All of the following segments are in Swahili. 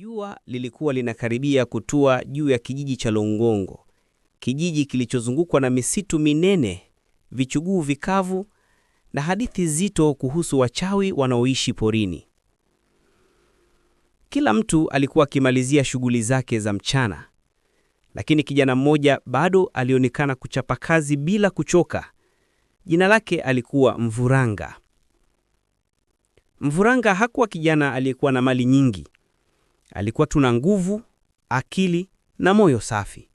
Jua lilikuwa linakaribia kutua juu ya kijiji cha Longongo, kijiji kilichozungukwa na misitu minene, vichuguu vikavu na hadithi zito kuhusu wachawi wanaoishi porini. Kila mtu alikuwa akimalizia shughuli zake za mchana, lakini kijana mmoja bado alionekana kuchapa kazi bila kuchoka. Jina lake alikuwa Mvuranga. Mvuranga hakuwa kijana aliyekuwa na mali nyingi, Alikuwa tuna nguvu, akili na moyo safi.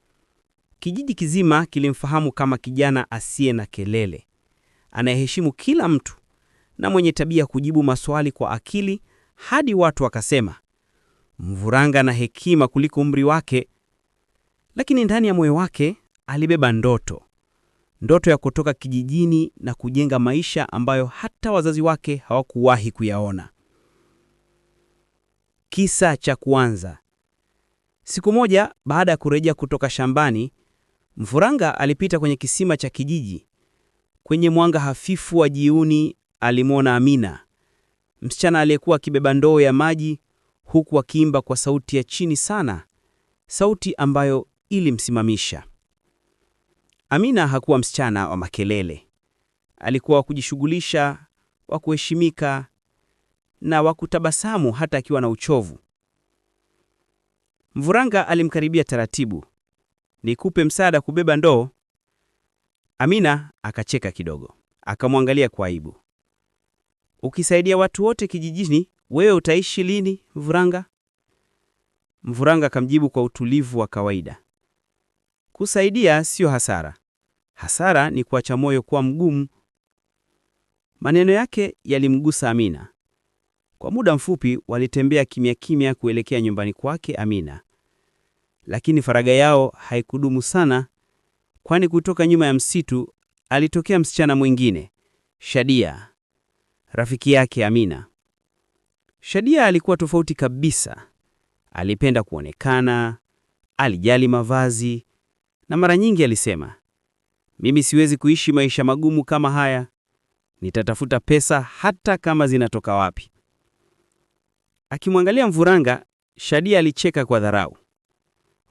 Kijiji kizima kilimfahamu kama kijana asiye na kelele, anayeheshimu kila mtu na mwenye tabia kujibu maswali kwa akili, hadi watu wakasema Mvuranga na hekima kuliko umri wake. Lakini ndani ya moyo wake alibeba ndoto, ndoto ya kutoka kijijini na kujenga maisha ambayo hata wazazi wake hawakuwahi kuyaona. Kisa cha kwanza. Siku moja baada ya kurejea kutoka shambani, Mfuranga alipita kwenye kisima cha kijiji. Kwenye mwanga hafifu wa jioni, alimwona Amina, msichana aliyekuwa akibeba ndoo ya maji huku akiimba kwa sauti ya chini sana, sauti ambayo ilimsimamisha. Amina hakuwa msichana wa makelele. Alikuwa wa kujishughulisha, wa kuheshimika na wa kutabasamu hata akiwa na uchovu. Mvuranga alimkaribia taratibu. Nikupe msaada kubeba ndoo? Amina akacheka kidogo, akamwangalia kwa aibu. Ukisaidia watu wote kijijini, wewe utaishi lini Mvuranga? Mvuranga akamjibu kwa utulivu wa kawaida. Kusaidia sio hasara. Hasara ni kuacha moyo kuwa mgumu. Maneno yake yalimgusa Amina. Kwa muda mfupi walitembea kimya kimya kuelekea nyumbani kwake Amina, lakini faragha yao haikudumu sana, kwani kutoka nyuma ya msitu alitokea msichana mwingine, Shadia, rafiki yake Amina. Shadia alikuwa tofauti kabisa. Alipenda kuonekana, alijali mavazi, na mara nyingi alisema, mimi siwezi kuishi maisha magumu kama haya, nitatafuta pesa hata kama zinatoka wapi. Akimwangalia Mvuranga, Shadia alicheka kwa dharau.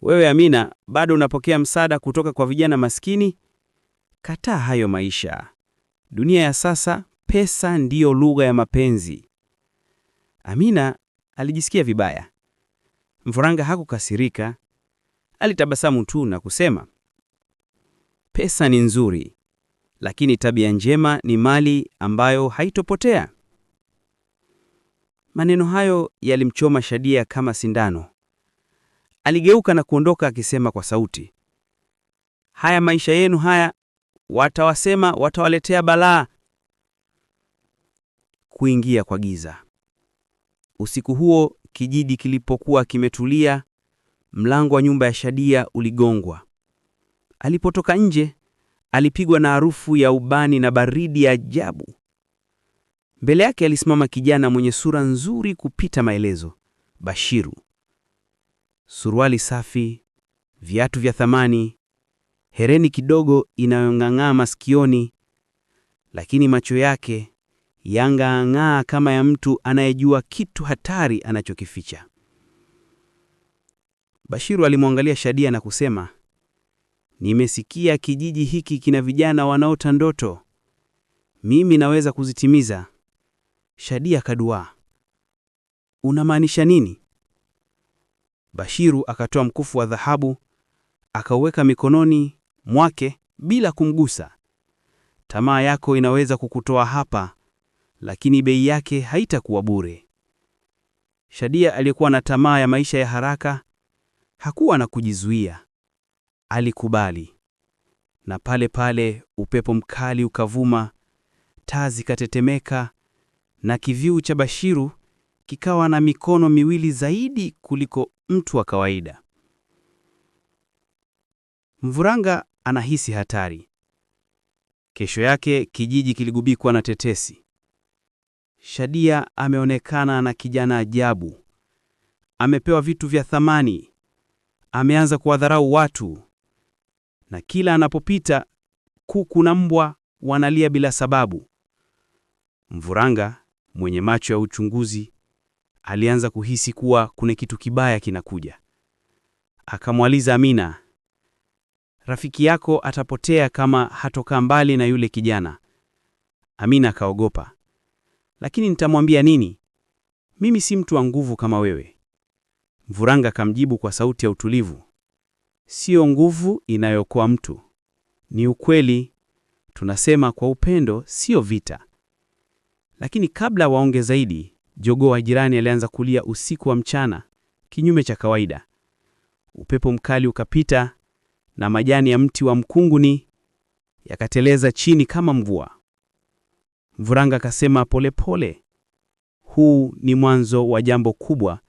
Wewe Amina, bado unapokea msaada kutoka kwa vijana maskini? Kataa hayo maisha. Dunia ya sasa, pesa ndiyo lugha ya mapenzi. Amina alijisikia vibaya. Mvuranga hakukasirika, alitabasamu tu na kusema, pesa ni nzuri, lakini tabia njema ni mali ambayo haitopotea. Maneno hayo yalimchoma Shadia kama sindano. Aligeuka na kuondoka akisema kwa sauti, haya maisha yenu haya, watawasema watawaletea balaa. Kuingia kwa giza. Usiku huo kijiji kilipokuwa kimetulia, mlango wa nyumba ya Shadia uligongwa. Alipotoka nje, alipigwa na harufu ya ubani na baridi ya ajabu. Mbele yake alisimama kijana mwenye sura nzuri kupita maelezo, Bashiru. Suruali safi, viatu vya thamani, hereni kidogo inayong'ang'aa masikioni, lakini macho yake yang'aang'aa kama ya mtu anayejua kitu hatari anachokificha. Bashiru alimwangalia Shadia na kusema, nimesikia kijiji hiki kina vijana wanaota ndoto, mimi naweza kuzitimiza. Shadia kadua unamaanisha nini? Bashiru akatoa mkufu wa dhahabu akauweka mikononi mwake bila kumgusa. Tamaa yako inaweza kukutoa hapa, lakini bei yake haitakuwa bure. Shadia aliyekuwa na tamaa ya maisha ya haraka hakuwa na kujizuia, alikubali. Na pale pale upepo mkali ukavuma, taa zikatetemeka, na kiviu cha Bashiru kikawa na mikono miwili zaidi kuliko mtu wa kawaida. Mvuranga anahisi hatari. Kesho yake kijiji kiligubikwa na tetesi. Shadia ameonekana na kijana ajabu. Amepewa vitu vya thamani. Ameanza kuwadharau watu. Na kila anapopita kuku na mbwa wanalia bila sababu. Mvuranga mwenye macho ya uchunguzi, alianza kuhisi kuwa kuna kitu kibaya kinakuja. Akamwaliza Amina, rafiki yako atapotea kama hatokaa mbali na yule kijana. Amina akaogopa. Lakini nitamwambia nini? Mimi si mtu wa nguvu kama wewe. Mvuranga akamjibu kwa sauti ya utulivu, siyo nguvu inayokoa mtu, ni ukweli. Tunasema kwa upendo, siyo vita. Lakini kabla waonge zaidi, jogoo wa jirani alianza kulia usiku wa mchana, kinyume cha kawaida. Upepo mkali ukapita na majani ya mti wa mkunguni yakateleza chini kama mvua. Mvuranga akasema polepole, huu ni mwanzo wa jambo kubwa.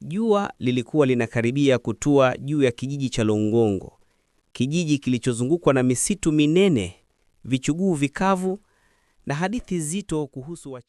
Jua lilikuwa linakaribia kutua juu ya kijiji cha Longongo, kijiji kilichozungukwa na misitu minene, vichuguu vikavu na hadithi zito kuhusu wacha